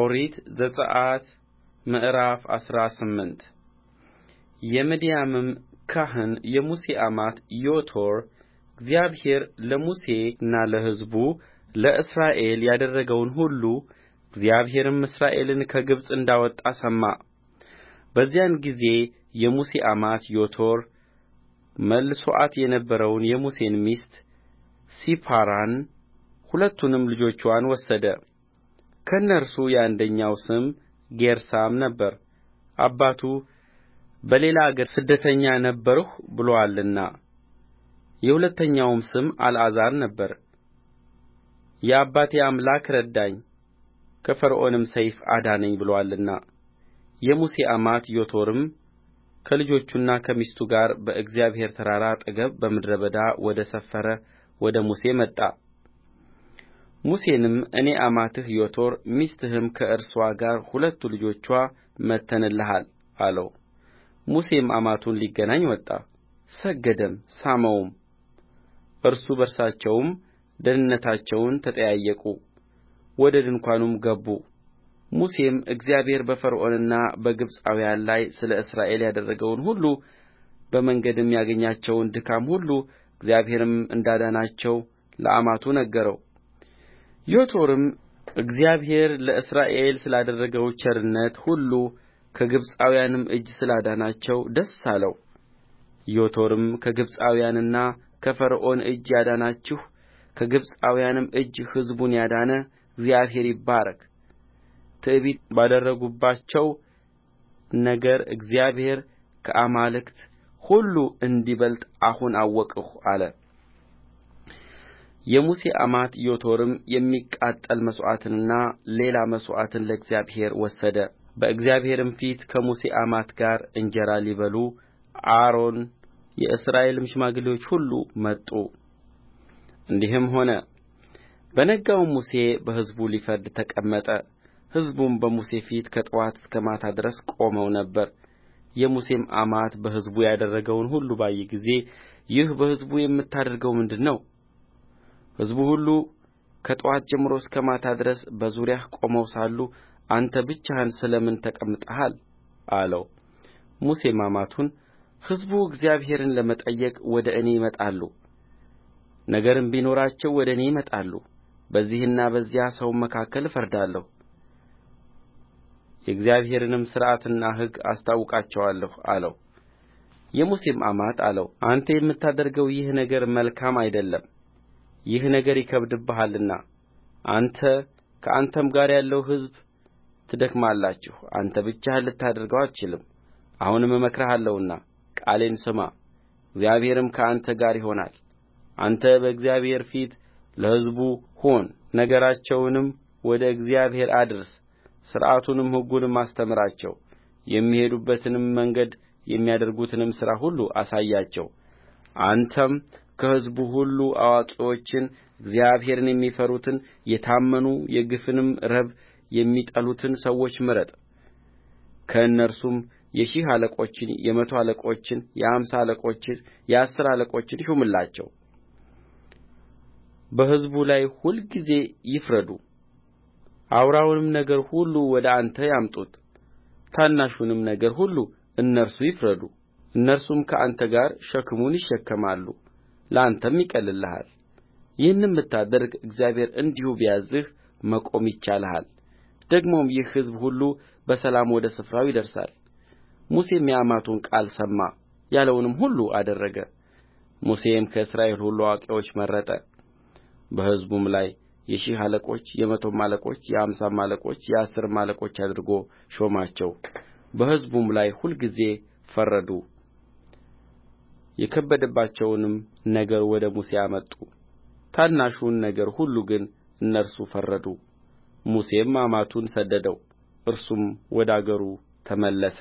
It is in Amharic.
ኦሪት ዘጽአት ምዕራፍ አስራ ስምንት የምድያምም ካህን የሙሴ አማት ዮቶር እግዚአብሔር ለሙሴና ለሕዝቡ ለእስራኤል ያደረገውን ሁሉ እግዚአብሔርም እስራኤልን ከግብፅ እንዳወጣ ሰማ። በዚያን ጊዜ የሙሴ አማት ዮቶር መልሶአት የነበረውን የሙሴን ሚስት ሲፓራን ሁለቱንም ልጆቿን ወሰደ ከእነርሱ የአንደኛው ስም ጌርሳም ነበረ አባቱ በሌላ አገር ስደተኛ ነበርሁ ብሎአልና የሁለተኛውም ስም አልዓዛር ነበረ የአባቴ አምላክ ረዳኝ ከፈርዖንም ሰይፍ አዳነኝ ብሎአልና የሙሴ አማት ዮቶርም ከልጆቹና ከሚስቱ ጋር በእግዚአብሔር ተራራ አጠገብ በምድረ በዳ ወደ ሰፈረ ወደ ሙሴ መጣ ሙሴንም እኔ አማትህ ዮቶር ሚስትህም ከእርስዋ ጋር ሁለቱ ልጆችዋ መጥተንልሃል አለው ሙሴም አማቱን ሊገናኝ ወጣ ሰገደም ሳመውም እርሱ በርሳቸውም ደኅንነታቸውን ተጠያየቁ ወደ ድንኳኑም ገቡ ሙሴም እግዚአብሔር በፈርዖንና በግብፃውያን ላይ ስለ እስራኤል ያደረገውን ሁሉ በመንገድም ያገኛቸውን ድካም ሁሉ እግዚአብሔርም እንዳዳናቸው ለአማቱ ነገረው ዮቶርም እግዚአብሔር ለእስራኤል ስላደረገው ቸርነት ሁሉ ከግብፃውያንም እጅ ስላዳናቸው ደስ አለው ዮቶርም ከግብፃውያንና ከፈርዖን እጅ ያዳናችሁ ከግብፃውያንም እጅ ሕዝቡን ያዳነ እግዚአብሔር ይባረክ ትዕቢት ባደረጉባቸው ነገር እግዚአብሔር ከአማልክት ሁሉ እንዲበልጥ አሁን አወቅሁ አለ የሙሴ አማት ዮቶርም የሚቃጠል መሥዋዕትንና ሌላ መሥዋዕትን ለእግዚአብሔር ወሰደ በእግዚአብሔርም ፊት ከሙሴ አማት ጋር እንጀራ ሊበሉ አሮን የእስራኤልም ሽማግሌዎች ሁሉ መጡ እንዲህም ሆነ በነጋው ሙሴ በሕዝቡ ሊፈርድ ተቀመጠ ሕዝቡም በሙሴ ፊት ከጥዋት እስከ ማታ ድረስ ቆመው ነበር የሙሴም አማት በሕዝቡ ያደረገውን ሁሉ ባየ ጊዜ ይህ በሕዝቡ የምታደርገው ምንድር ነው ሕዝቡ ሁሉ ከጥዋት ጀምሮ እስከ ማታ ድረስ በዙሪያህ ቆመው ሳሉ አንተ ብቻህን ስለ ምን ተቀምጠሃል አለው ሙሴም አማቱን ሕዝቡ እግዚአብሔርን ለመጠየቅ ወደ እኔ ይመጣሉ ነገርም ቢኖራቸው ወደ እኔ ይመጣሉ በዚህና በዚያ ሰው መካከል እፈርዳለሁ የእግዚአብሔርንም ሥርዓትና ሕግ አስታውቃቸዋለሁ አለው የሙሴም አማት አለው አንተ የምታደርገው ይህ ነገር መልካም አይደለም ይህ ነገር ይከብድብሃልና አንተ ከአንተም ጋር ያለው ሕዝብ ትደክማላችሁ አንተ ብቻህን ልታደርገው አትችልም አሁንም እመክርሃለሁና ቃሌን ስማ እግዚአብሔርም ከአንተ ጋር ይሆናል አንተ በእግዚአብሔር ፊት ለሕዝቡ ሁን ነገራቸውንም ወደ እግዚአብሔር አድርስ ሥርዓቱንም ሕጉንም አስተምራቸው የሚሄዱበትንም መንገድ የሚያደርጉትንም ሥራ ሁሉ አሳያቸው አንተም ከሕዝቡ ሁሉ አዋቂዎችን እግዚአብሔርን የሚፈሩትን የታመኑ የግፍንም ረብ የሚጠሉትን ሰዎች ምረጥ ከእነርሱም የሺህ አለቆችን የመቶ አለቆችን የአምሳ አለቆችን የአሥር አለቆችን ሹምላቸው በሕዝቡ ላይ ሁልጊዜ ይፍረዱ አውራውንም ነገር ሁሉ ወደ አንተ ያምጡት ታናሹንም ነገር ሁሉ እነርሱ ይፍረዱ እነርሱም ከአንተ ጋር ሸክሙን ይሸከማሉ ለአንተም ይቀልልሃል። ይህንም ብታደርግ እግዚአብሔር እንዲሁ ቢያዝዝህ መቆም ይቻልሃል ደግሞም ይህ ሕዝብ ሁሉ በሰላም ወደ ስፍራው ይደርሳል ሙሴም የአማቱን ቃል ሰማ ያለውንም ሁሉ አደረገ ሙሴም ከእስራኤል ሁሉ አዋቂዎች መረጠ በሕዝቡም ላይ የሺህ አለቆች የመቶም አለቆች የአምሳም አለቆች የአሥርም አለቆች አድርጎ ሾማቸው በሕዝቡም ላይ ሁልጊዜ ፈረዱ የከበደባቸውንም ነገር ወደ ሙሴ አመጡ ታናሹን ነገር ሁሉ ግን እነርሱ ፈረዱ ሙሴም አማቱን ሰደደው እርሱም ወደ አገሩ ተመለሰ